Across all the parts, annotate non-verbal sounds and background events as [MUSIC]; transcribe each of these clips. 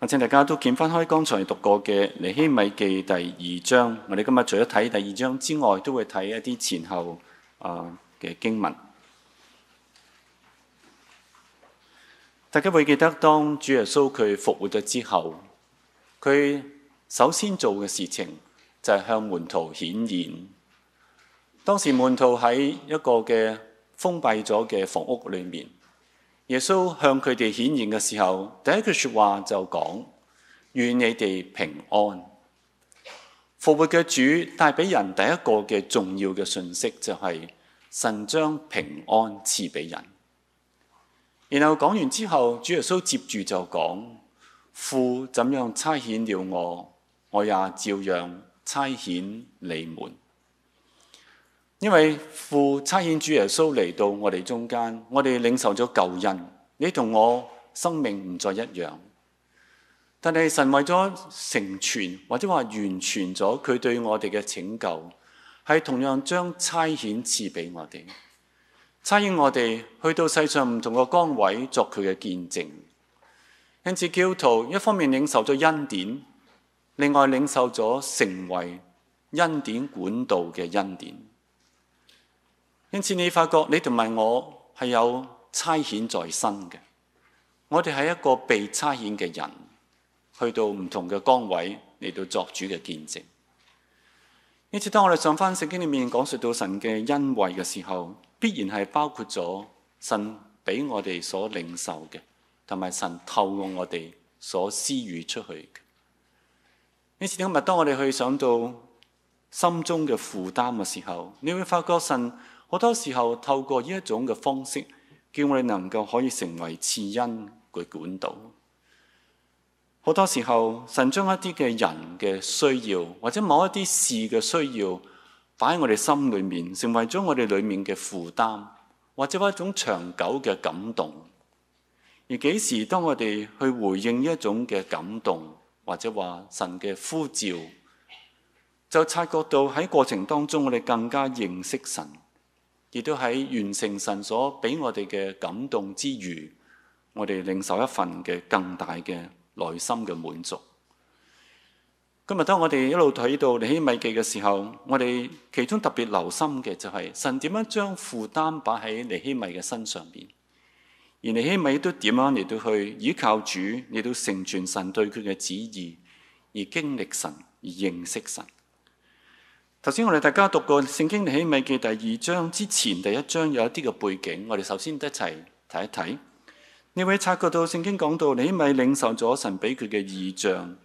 我請大家都揭翻開剛才讀過嘅《尼希米記》第二章。我哋今日除咗睇第二章之外，都會睇一啲前後啊嘅經文。大家會記得，當主耶穌佢復活咗之後，佢首先做嘅事情就係向門徒顯現。當時門徒喺一個嘅封閉咗嘅房屋裏面。耶穌向佢哋顯現嘅時候，第一句說話就講：願你哋平安。復活嘅主帶俾人第一個嘅重要嘅信息就係神將平安賜俾人。然後講完之後，主耶穌接住就講：父怎樣差遣了我，我也照樣差遣你們。因為父差遣主耶穌嚟到我哋中間，我哋領受咗救恩。你同我生命唔再一樣。但係神為咗成全或者話完全咗佢對我哋嘅拯救，係同樣將差遣賜俾我哋。差遣我哋去到世上唔同嘅崗位，作佢嘅見證。因此，基督徒一方面領受咗恩典，另外領受咗成為恩典管道嘅恩典。因此你發覺你同埋我係有差遣在身嘅，我哋係一個被差遣嘅人，去到唔同嘅崗位嚟到作主嘅見證。因此當我哋上返聖經裏面講述到神嘅恩惠嘅時候，必然係包括咗神俾我哋所領受嘅，同埋神透過我哋所施予出去嘅。因此今日當我哋去想到心中嘅負擔嘅時候，你會發覺神。好多時候透過呢一種嘅方式，叫我哋能夠可以成為慈恩嘅管道。好多時候，神將一啲嘅人嘅需要，或者某一啲事嘅需要，擺喺我哋心裏面，成為咗我哋裏面嘅負擔，或者話一種長久嘅感動。而幾時當我哋去回應呢一種嘅感動，或者話神嘅呼召，就察覺到喺過程當中，我哋更加認識神。亦都喺完成神所俾我哋嘅感動之餘，我哋領受一份嘅更大嘅內心嘅滿足。今日當我哋一路睇到尼希米記嘅時候，我哋其中特別留心嘅就係神點樣將負擔擺喺尼希米嘅身上邊，而尼希米都點樣嚟到去依靠主，嚟到成全神對佢嘅旨意，而經歷神，而認識神。頭先我哋大家讀過聖經，尼希米記第二章之前第一章有一啲嘅背景，我哋首先一齊睇一睇。你會察覺到聖經講到尼希米領受咗神俾佢嘅異象，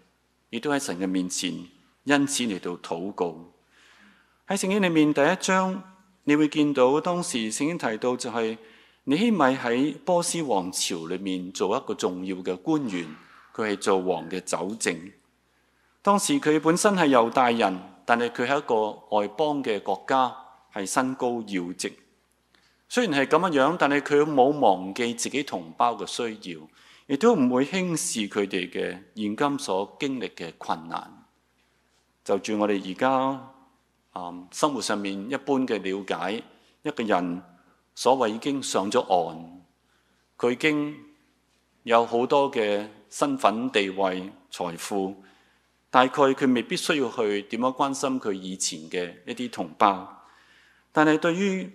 亦都喺神嘅面前，因此嚟到禱告。喺聖經裏面第一章，你會見到當時聖經提到就係尼希米喺波斯王朝裏面做一個重要嘅官員，佢係做王嘅酒政。當時佢本身係猶大人。但係佢係一個外邦嘅國家，係身高要職。雖然係咁樣，但係佢冇忘記自己同胞嘅需要，亦都唔會輕視佢哋嘅現今所經歷嘅困難。就住我哋而家生活上面一般嘅了解，一個人所謂已經上咗岸，佢已經有好多嘅身份地位、財富。大概佢未必需要去點樣關心佢以前嘅一啲同胞，但係對於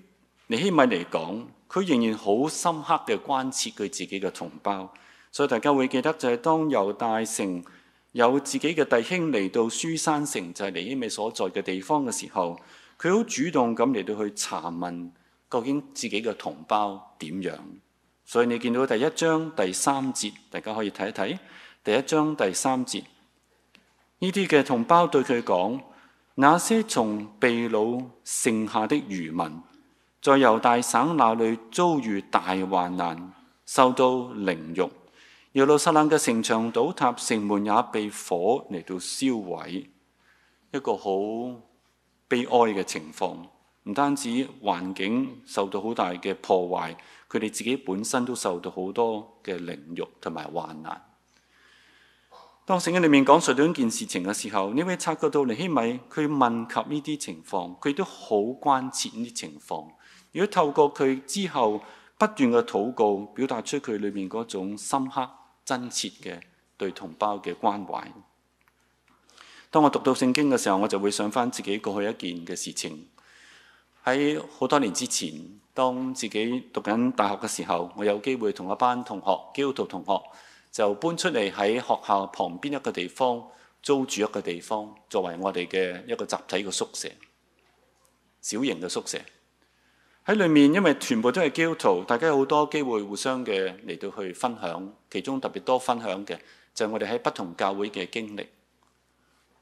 尼希米嚟講，佢仍然好深刻嘅關切佢自己嘅同胞。所以大家會記得就係當由大城有自己嘅弟兄嚟到書山城，就係尼希米所在嘅地方嘅時候，佢好主動咁嚟到去查問究竟自己嘅同胞點樣，所以你見到第一章第三節，大家可以睇一睇第一章第三節。呢啲嘅同胞對佢講，那些從被擄剩下的餘民，在猶大省那裏遭遇大患難，受到凌辱。耶路撒冷嘅城牆倒塌，城門也被火嚟到燒毀，一個好悲哀嘅情況。唔單止環境受到好大嘅破壞，佢哋自己本身都受到好多嘅凌辱同埋患難。當聖經裏面講述到一件事情嘅時候，你會察覺到尼希米佢問及呢啲情況，佢都好關切呢啲情況。如果透過佢之後不斷嘅禱告，表達出佢裏面嗰種深刻真切嘅對同胞嘅關懷。當我讀到聖經嘅時候，我就會想返自己過去一件嘅事情。喺好多年之前，當自己讀緊大學嘅時候，我有機會同一班同學基督徒同學，就搬出嚟喺學校旁邊一個地方租住一個地方，作為我哋嘅一個集體嘅宿舍，小型嘅宿舍喺裏面，因為全部都係基督徒，大家有好多機會互相嘅嚟到去分享，其中特別多分享嘅就係我哋喺不同教會嘅經歷。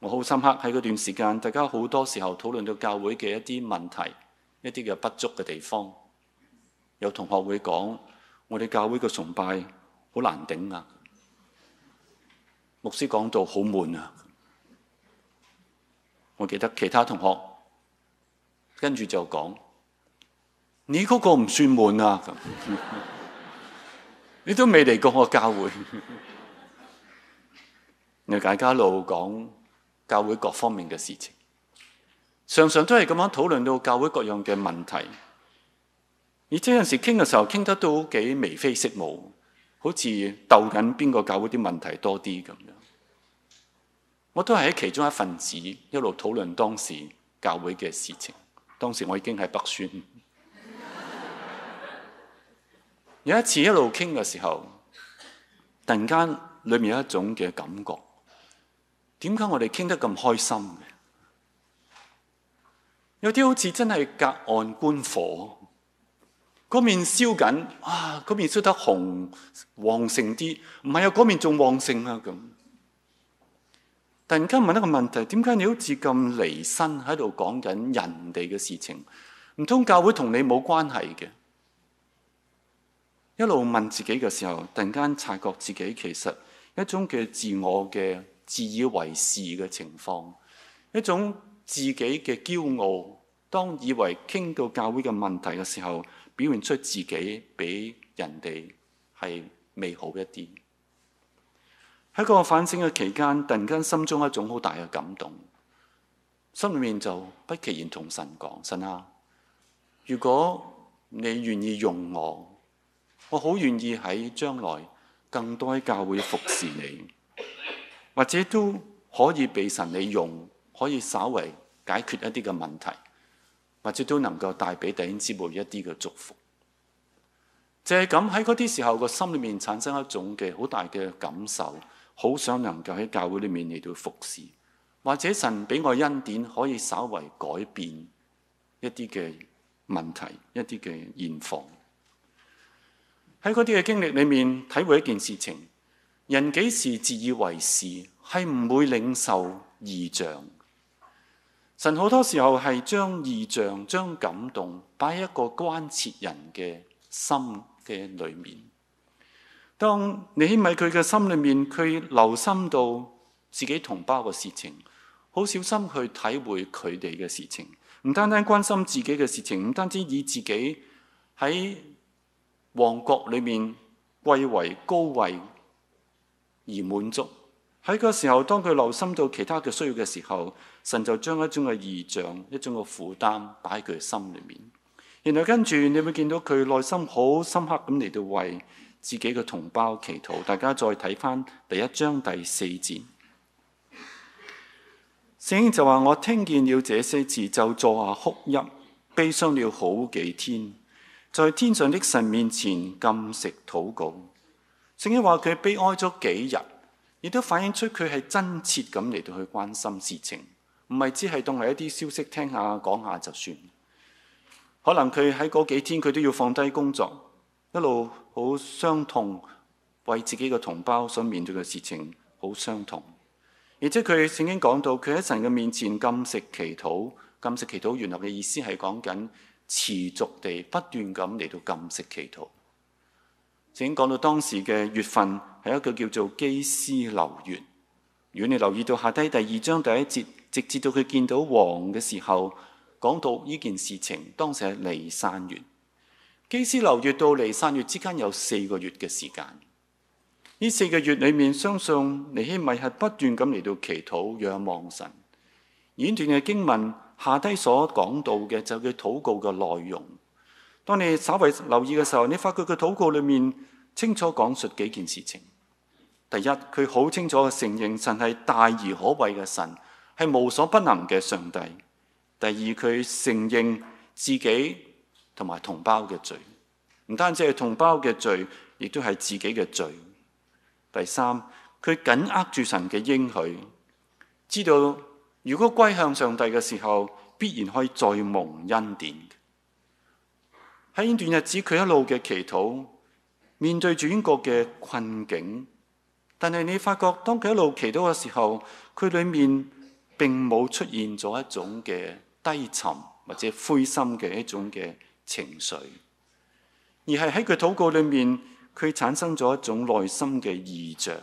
我好深刻喺嗰段時間，大家好多時候討論到教會嘅一啲問題，一啲嘅不足嘅地方，有同學會講，我哋教會嘅崇拜好難頂啊！牧師講到好悶啊！我記得其他同學跟住就講：你嗰個唔算悶啊！ [LAUGHS] 你都未嚟過我教會。你 [LAUGHS] 大家一路講教會各方面嘅事情，常常都係咁樣討論到教會各樣嘅問題。而啲陣時傾嘅時候，傾得都幾眉飛色舞，好似鬥緊邊個教會啲問題多啲咁樣。我都係喺其中一份子，一路討論當時教會嘅事情。當時我已經喺北宣。 [LAUGHS] 有一次一路傾嘅時候，突然間裡面有一種嘅感覺，點解我哋傾得咁開心嘅？有啲好似真係隔岸觀火，嗰面燒緊，哇！嗰面燒得紅旺盛啲，唔係啊，嗰面仲旺盛啊咁。突然間問一個問題，點解你好似咁離身喺度講緊人哋嘅事情？唔通教會同你冇關係嘅？一路問自己嘅時候，突然間察覺自己其實一種嘅自我嘅自以為是嘅情況，一種自己嘅驕傲。當以為傾到教會嘅問題嘅時候，表現出自己比人哋係美好一啲。喺個反省嘅期間，突然間心中一種好大嘅感動，心裏面就不期然同神講：神啊，如果你願意用我，我好願意喺將來更多喺教會服侍你，或者都可以被神你用，可以稍為解決一啲嘅問題，或者都能夠帶俾弟兄姊妹一啲嘅祝福。就係咁，喺嗰啲時候，個心裏面產生一種嘅好大嘅感受。好想能夠喺教會裏面嚟到服侍，或者神俾我恩典，可以稍為改變一啲嘅問題，一啲嘅現況。喺嗰啲嘅經歷裏面，體會一件事情：人幾時自以為是，係唔會領受異象。神好多時候係將異象、將感動擺喺一個關切人嘅心嘅裏面。當你喺埋佢嘅心裏面，佢留心到自己同胞嘅事情，好小心去體會佢哋嘅事情，唔單單關心自己嘅事情，唔單止以自己喺王國裏面貴為高位而滿足。喺嗰時候，當佢留心到其他嘅需要嘅時候，神就將一種嘅異象、一種嘅負擔擺喺佢心裏面。然後跟住你會見到佢內心好深刻咁嚟到為自己嘅同胞祈禱，大家再睇翻第一章第四節。聖經就話：我聽見了這些字，就坐下哭泣，悲傷了好幾天，在天上的神面前禁食禱告。聖經話佢悲哀咗幾日，亦都反映出佢係真切咁嚟到去關心事情，唔係只係當係一啲消息聽下講下就算。可能佢喺嗰幾天佢都要放低工作。一路好傷痛，為自己嘅同胞所面對嘅事情好傷痛。而且佢曾經講到，佢喺神嘅面前禁食祈禱，禁食祈禱。原來嘅意思係講緊持續地不斷咁嚟到禁食祈禱。聖經講到當時嘅月份係一個叫做基斯流月。如果你留意到下低第二章第一節，直至到佢見到王嘅時候，講到呢件事情，當時係離散月。基斯流月到尼散月之間有四個月嘅時間。呢四個月裏面，相信尼希米係不斷咁嚟到祈禱、仰望神。演段嘅經文下低所講到嘅就係佢禱告嘅內容。當你稍為留意嘅時候，你發覺佢禱告裏面清楚講述幾件事情。第一，佢好清楚嘅承認神係大而可畏嘅神，係無所不能嘅上帝。第二，佢承認自己。同埋同胞嘅罪，唔單止係同胞嘅罪，亦都係自己嘅罪。第三，佢緊握住神嘅應許，知道如果歸向上帝嘅時候，必然可以再蒙恩典。喺呢段日子，佢一路嘅祈禱，面對住英國嘅困境，但係你發覺，當佢一路祈禱嘅時候，佢裏面並冇出現咗一種嘅低沉或者灰心嘅一種嘅情緒，而係喺佢禱告裏面，佢產生咗一種內心嘅異象。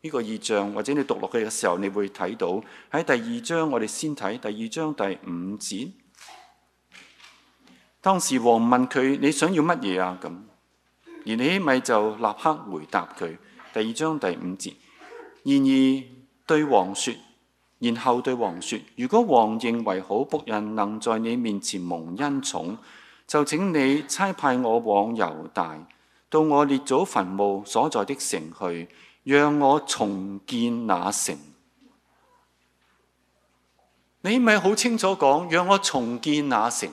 呢個異象或者你讀落去嘅時候，你會睇到喺第二章，我哋先睇第二章第五節。當時王問佢：你想要乜嘢啊？咁而你咪就立刻回答佢。第二章第五節，然而對王説，然後對王説：如果王認為好僕人能在你面前蒙恩寵，就請你差派我往猶大，到我列祖墳墓所在的城去，讓我重建那城。你咪好清楚講，讓我重建那城。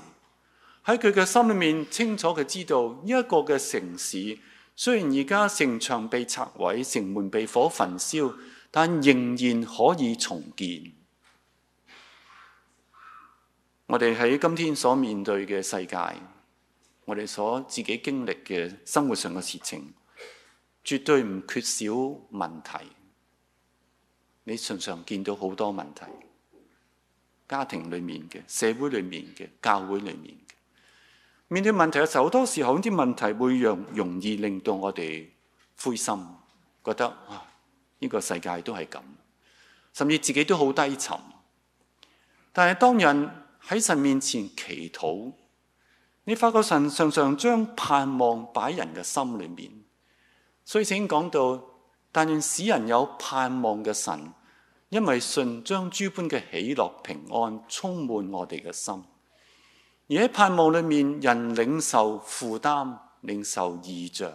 喺佢嘅心裏面清楚嘅知道呢一個嘅城市，雖然而家城牆被拆毀，城門被火焚燒，但仍然可以重建。我哋喺今天所面對嘅世界，我哋所自己經歷嘅生活上嘅事情，絕對唔缺少問題。你常常見到好多問題，家庭裡面嘅、社會裡面嘅、教會裡面嘅。面對問題嘅時候，好多時候啲問題會讓容易令到我哋灰心，覺得啊，呢個世界都係咁，甚至自己都好低沉。但係當人喺神面前祈禱，你發覺神常常將盼望擺人嘅心裏面。所以聖經講到，但願使人有盼望嘅神，因為神將諸般嘅喜樂平安充滿我哋嘅心。而喺盼望裏面，人領受負擔，領受異象，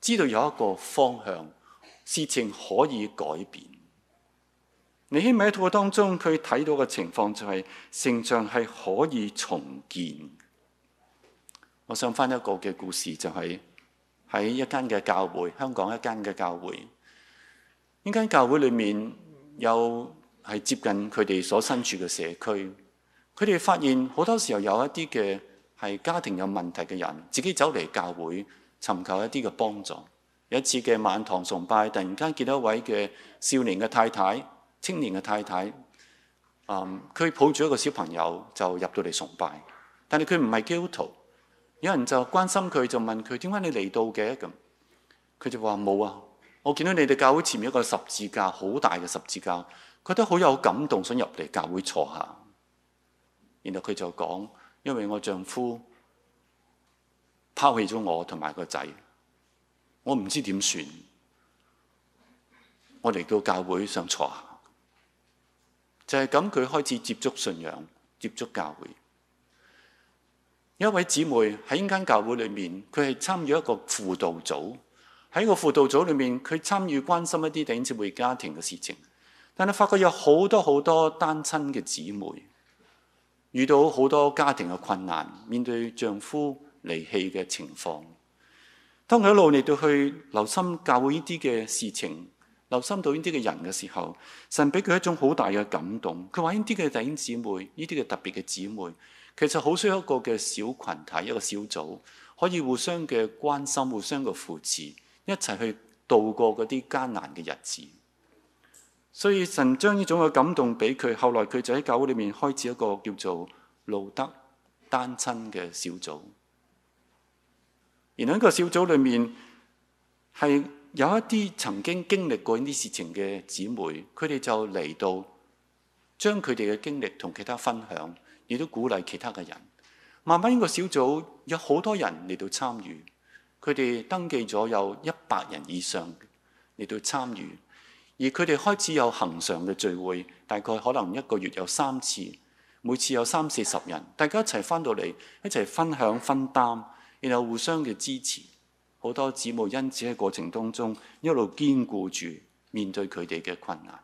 知道有一個方向，事情可以改變。你希埋喺套當中，佢睇到嘅情況就係、是、聖像係可以重建。我想翻一個嘅故事，就係、是、喺一間嘅教會，香港一間嘅教會。呢間教會裏面有係接近佢哋所身處嘅社區，佢哋發現好多時候有一啲嘅係家庭有問題嘅人，自己走嚟教會尋求一啲嘅幫助。有一次嘅晚堂崇拜，突然間見到一位嘅少年嘅太太。青年嘅太太，嗯，佢抱住一個小朋友就入到嚟崇拜，但係佢唔係基督徒。有人就關心佢，就問佢點解你嚟到嘅咁？佢就話冇啊，我見到你哋教會前面一個十字架，好大嘅十字架，佢都好有感動，想入嚟教會坐下。然後佢就講：因為我丈夫拋棄咗我同埋個仔，我唔知點算。我嚟到教會想坐下。就係咁，佢開始接觸信仰，接觸教會。有一位姊妹喺英間教會裏面，佢係參與一個輔導組。喺個輔導組裏面，佢參與關心一啲單親家庭嘅事情。但係發覺有好多好多單親嘅姊妹遇到好多家庭嘅困難，面對丈夫離棄嘅情況。當佢一路嚟到去留心教會呢啲嘅事情。留心到呢啲嘅人嘅時候，神俾佢一種好大嘅感動。佢話呢啲嘅弟兄姊妹，呢啲嘅特別嘅姊妹，其實好需要一個嘅小群體，一個小組，可以互相嘅關心，互相嘅扶持，一齊去度過嗰啲艱難嘅日子。所以神將呢種嘅感動俾佢，後來佢就喺教會裏面開始一個叫做路德單親嘅小組。然後喺個小組裏面係。有一啲曾經經歷過呢啲事情嘅姊妹，佢哋就嚟到將佢哋嘅經歷同其他分享，亦都鼓勵其他嘅人。慢慢呢個小組有好多人嚟到參與，佢哋登記咗有一百人以上嚟到參與，而佢哋開始有恒常嘅聚會，大概可能一個月有三次，每次有三四十人，大家一齊返到嚟一齊分享分擔，然後互相嘅支持。好多姊妹因此喺過程當中一路堅固住，面對佢哋嘅困難。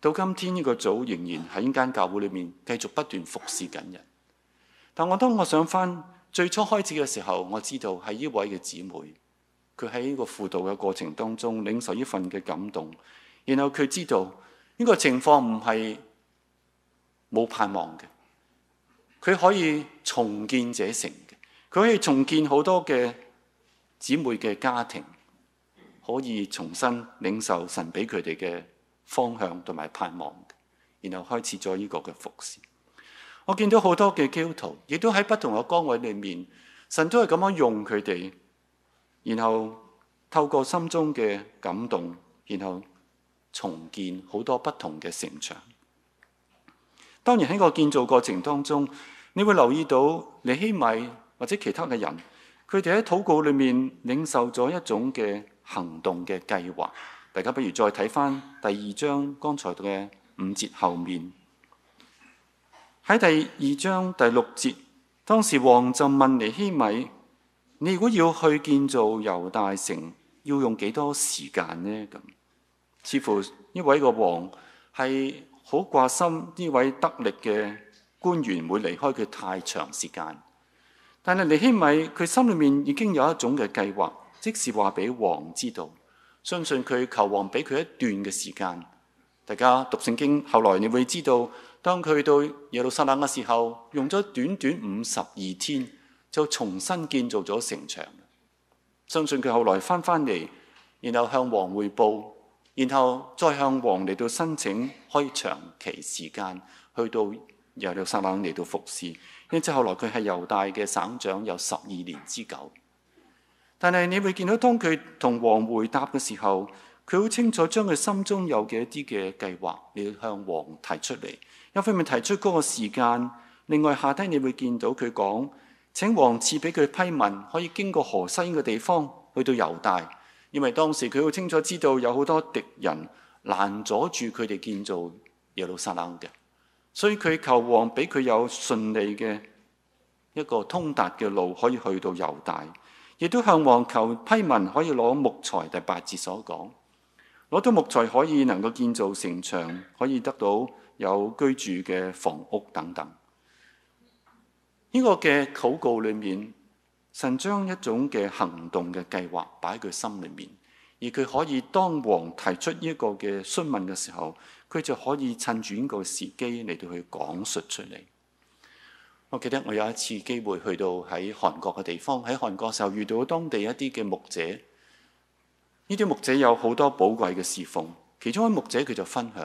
到今天呢個組仍然喺呢間教會裏面繼續不斷服侍緊人。但我當我想翻最初開始嘅時候，我知道係呢位嘅姊妹，佢喺呢個輔導嘅過程當中領受一份嘅感動。然後佢知道呢個情況唔係冇盼望嘅，佢可以重建這城嘅，佢可以重建好多嘅。姊妹嘅家庭可以重新領受神俾佢哋嘅方向同埋盼望，然後開始咗呢個嘅服侍。我見到好多嘅基督徒，亦都喺不同嘅崗位裏面，神都係咁樣用佢哋，然後透過心中嘅感動，然後重建好多不同嘅城牆。當然喺個建造過程當中，你會留意到尼希米或者其他嘅人。佢哋喺禱告裏面領受咗一種嘅行動嘅計劃。大家不如再睇返第二章剛才嘅五節後面。喺第二章第六節，當時王就問尼希米：你如果要去建造猶大城，要用幾多時間呢？咁似乎呢位個王係好掛心呢位得力嘅官員會離開佢太長時間。但係尼希米佢心裏面已經有一種嘅計劃，即是話俾王知道，相信佢求王俾佢一段嘅時間。大家讀聖經，後來你會知道，當佢到耶路撒冷嘅時候，用咗短短五十二天就重新建造咗城牆。相信佢後來翻返嚟，然後向王匯報，然後再向王嚟到申請開長期時間去到。由耶路撒冷嚟到服侍，因此後來佢係猶大嘅省長有十二年之久。但係你會見到當佢同王回答嘅時候，佢好清楚將佢心中有嘅一啲嘅計劃，你要向王提出嚟。一方面提出嗰個時間，另外下低你會見到佢講：請王賜俾佢批文，可以經過河西嘅地方去到猶大，因為當時佢好清楚知道有好多敵人攔阻住佢哋建造耶路撒冷嘅。所以佢求王俾佢有順利嘅一個通達嘅路，可以去到猶大，亦都向王求批文，可以攞木材。第八節所講，攞到木材可以能夠建造城牆，可以得到有居住嘅房屋等等。呢個嘅禱告裏面，神將一種嘅行動嘅計劃擺喺佢心裏面，而佢可以當王提出呢個嘅詢問嘅時候。佢就可以趁住呢個時機嚟到去講述出嚟。我記得我有一次機會去到喺韓國嘅地方，喺韓國嘅時候遇到當地一啲嘅牧者，呢啲牧者有好多寶貴嘅侍奉。其中一牧者佢就分享，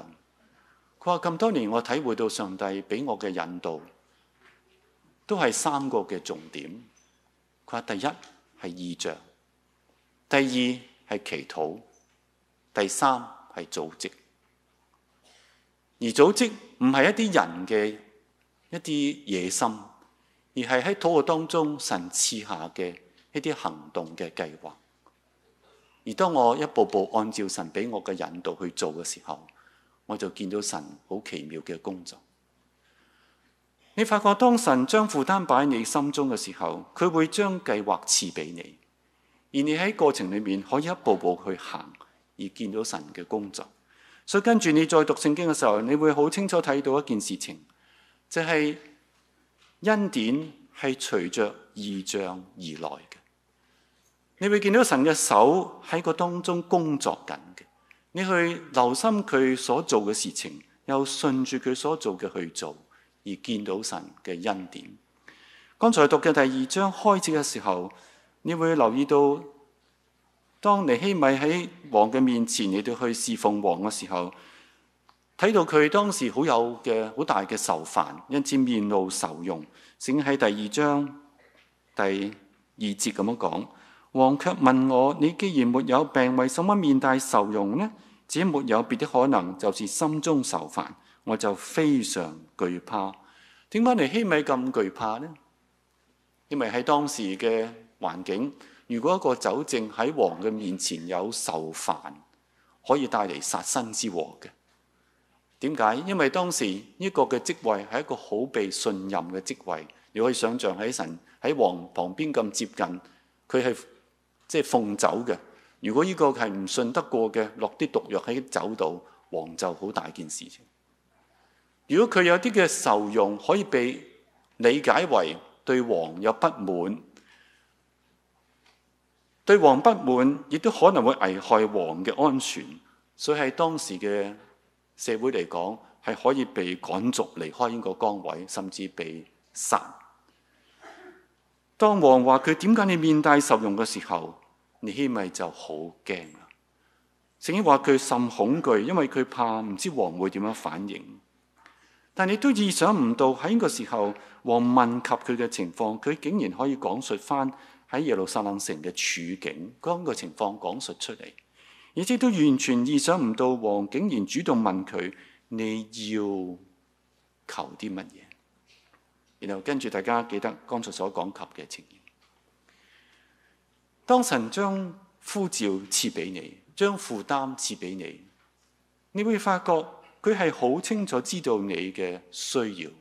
佢話咁多年我體會到上帝俾我嘅引導，都係三個嘅重點。佢話第一係異象，第二係祈禱，第三係組織。而組織唔係一啲人嘅一啲野心，而係喺禱告當中神賜下嘅一啲行動嘅計劃。而當我一步步按照神俾我嘅引導去做嘅時候，我就見到神好奇妙嘅工作。你發覺當神將負擔擺喺你心中嘅時候，佢會將計劃賜俾你，而你喺過程裏面可以一步步去行，而見到神嘅工作。所以跟住你再讀聖經嘅時候，你會好清楚睇到一件事情，就係恩典係隨着異象而來嘅。你會見到神嘅手喺個當中工作緊嘅，你去留心佢所做嘅事情，又順住佢所做嘅去做，而見到神嘅恩典。剛才讀嘅第二章開始嘅時候，你會留意到。當尼希米喺王嘅面前，嚟到去侍奉王嘅時候，睇到佢當時好有嘅好大嘅愁煩，因此面露愁容。正喺第二章第二節咁樣講，王卻問我：你既然沒有病，為什麼面帶愁容呢？只沒有別啲可能，就是心中愁煩。我就非常懼怕。點解尼希米咁懼怕呢？因為喺當時嘅環境，如果一個酒政喺王嘅面前有受煩，可以帶嚟殺身之禍嘅。點解？因為當時呢個嘅職位係一個好被信任嘅職位，你可以想象喺神喺王旁邊咁接近，佢係即係奉酒嘅。如果呢個係唔信得過嘅，落啲毒藥喺酒度，王就好大件事情。如果佢有啲嘅愁容，可以被理解為對王有不滿。對王不滿，亦都可能會危害王嘅安全，所以喺當時嘅社會嚟講，係可以被趕逐離開呢個崗位，甚至被殺。當王話佢點解你面帶愁容嘅時候，尼希米就好驚啦。甚至話佢甚恐懼，因為佢怕唔知王會點樣反應。但你都意想唔到喺呢個時候，王問及佢嘅情況，佢竟然可以講述翻，喺耶路撒冷城嘅處境，將、嗰個情況講述出嚟，以至都完全意想唔到，王竟然主動問佢你要求啲乜嘢。然後跟住大家記得剛才所講及嘅情形，當神將呼召賜俾你，將負擔賜俾你，你會發覺佢係好清楚知道你嘅需要，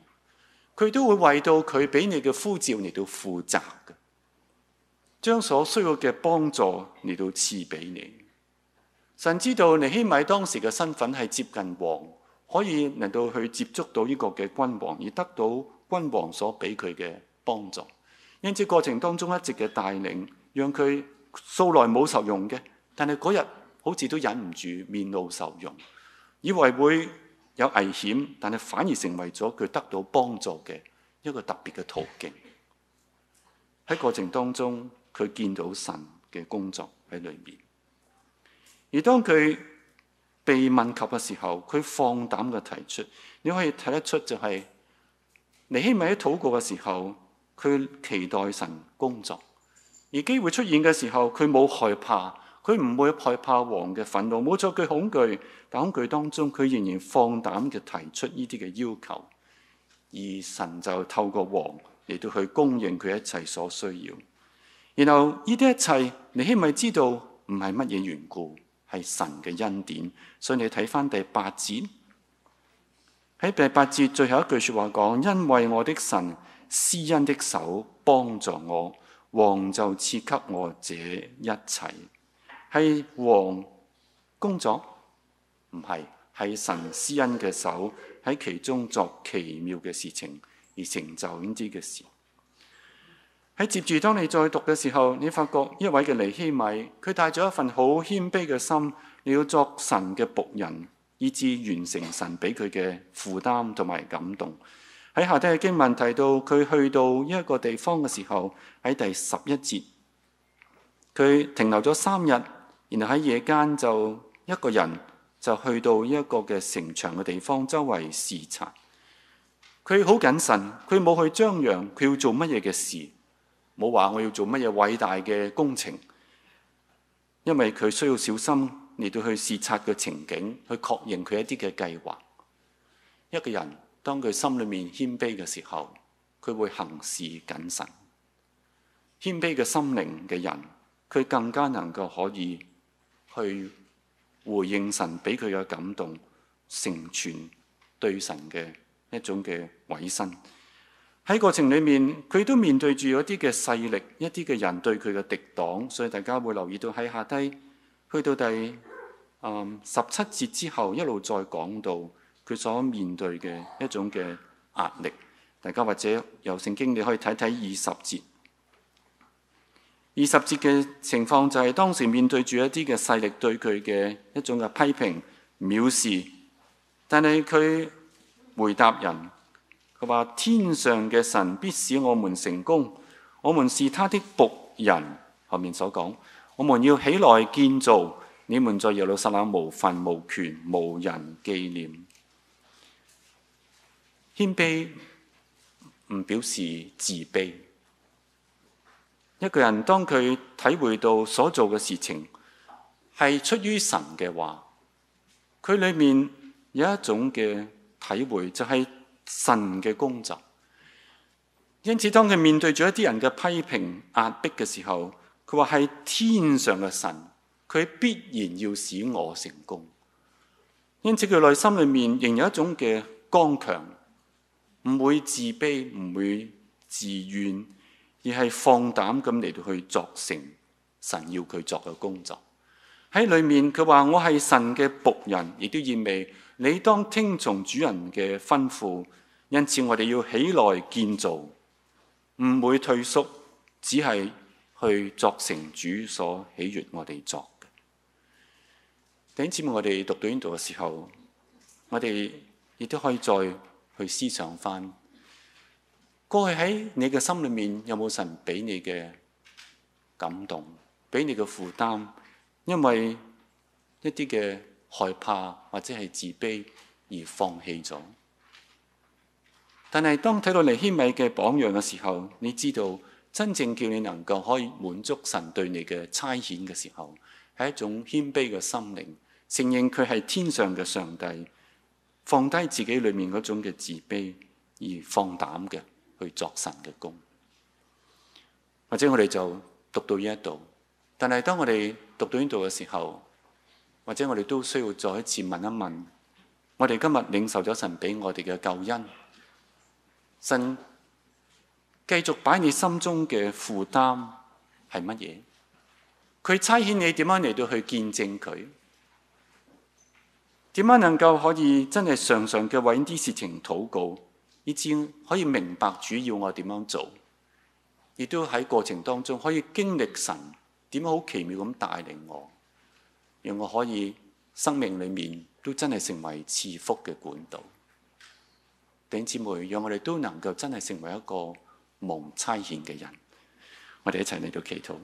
佢都會為到佢俾你嘅呼召嚟到負責嘅。將所需要嘅幫助嚟到賜俾你。神知道尼希米當時嘅身份係接近王，可以能夠去接觸到呢個嘅君王，而得到君王所俾佢嘅幫助。因此過程當中一直嘅帶領，讓佢素來冇受用嘅，但係嗰日好似都忍唔住面露受用，以為會有危險，但係反而成為咗佢得到幫助嘅一個特別嘅途徑。喺過程當中。佢見到神嘅工作喺裏面。而當佢被問及嘅時候，佢放膽嘅提出。你可以睇得出，就是，就係你希望喺禱告嘅時候，佢期待神工作。而機會出現嘅時候，佢冇害怕，佢唔會害怕王嘅憤怒。冇錯，佢恐懼，但恐懼當中，佢仍然放膽嘅提出呢啲嘅要求。而神就透過王嚟到去供應佢一切所需要。然後呢啲一切，你係咪知道唔係乜嘢緣故，係神嘅恩典。所以你睇翻第八節，喺第八節最後一句說話講：因為我的神施恩的手幫助我，王就賜給我這一切。係王工作唔係，係神施恩嘅手喺其中作奇妙嘅事情而成就呢啲嘅事。喺接住，當你再讀嘅時候，你發覺一位嘅尼希米，佢帶咗一份好謙卑嘅心，你要作神嘅僕人，以至完成神俾佢嘅負擔同埋感動。喺下底嘅經文提到，佢去到一個地方嘅時候，喺第十一節，佢停留咗三日，然後喺夜間就一個人就去到一個嘅城牆嘅地方周圍視察。佢好謹慎，佢冇去張揚，佢要做乜嘢嘅事。冇話我要做乜嘢偉大嘅工程，因為佢需要小心嚟到去視察嘅情景，去確認佢一啲嘅計劃。一個人當佢心裏面謙卑嘅時候，佢會行事謹慎。謙卑嘅心靈嘅人，佢更加能夠可以去回應神俾佢嘅感動，成全對神嘅一種嘅委身。喺過程裏面，佢都面對住一啲嘅勢力，一啲嘅人對佢嘅敵擋，所以大家會留意到喺下低去到第嗯、十七節之後，一路再講到佢所面對嘅一種嘅壓力。大家或者由聖經你可以睇睇二十節，二十節嘅情況就係當時面對住一啲嘅勢力對佢嘅一種嘅批評、藐視，但係佢回答人。佢話天上嘅神必使我們成功，我們是他的僕人。後面所講，我們要起來建造，你們在耶路撒冷無份無權，無人紀念。謙卑唔表示自卑。一個人當佢體會到所做嘅事情係出於神嘅話，佢裏面有一種嘅體會就係、是。神嘅工作，因此當佢面對住一啲人嘅批評、壓迫嘅時候，佢話：係天上嘅神，佢必然要使我成功。因此佢內心裏面仍有一種嘅剛強，唔會自卑，唔會自怨，而係放膽咁嚟到去作成神要佢作嘅工作。喺裏面佢話：我係神嘅僕人，亦都意味。你當聽從主人嘅吩咐，因此我哋要起來建造，唔會退縮，只係去作成主所喜悅我哋作嘅。弟兄姊妹，我哋讀到呢度嘅時候，我哋亦都可以再去思想翻，過去喺你嘅心裏面有冇神俾你嘅感動，俾你嘅負擔，因為一啲嘅害怕，或者係自卑而放棄咗，但係當睇到尼希米嘅榜樣嘅時候，你知道真正叫你能夠可以滿足神對你嘅差遣嘅時候，係一種謙卑嘅心靈，承認佢係天上嘅上帝，放低自己裏面嗰種嘅自卑而放膽嘅去作神嘅功。或者我哋就讀到呢一度，但係當我哋讀到呢度嘅時候。或者我哋都需要再一次問一問，我哋今日領受咗神俾我哋嘅救恩，神繼續擺你心中嘅負擔係乜嘢？佢差遣你點樣嚟到去見證佢？點樣能夠可以真係常常嘅為呢啲事情禱告，以至可以明白主要我點樣做，亦都喺過程當中可以經歷神點樣好奇妙咁帶領我。讓我可以生命裏面都真係成為賜福嘅管道，弟兄姊妹，讓我哋都能夠真係成為一個無差遣嘅人。我哋一齊嚟到祈禱。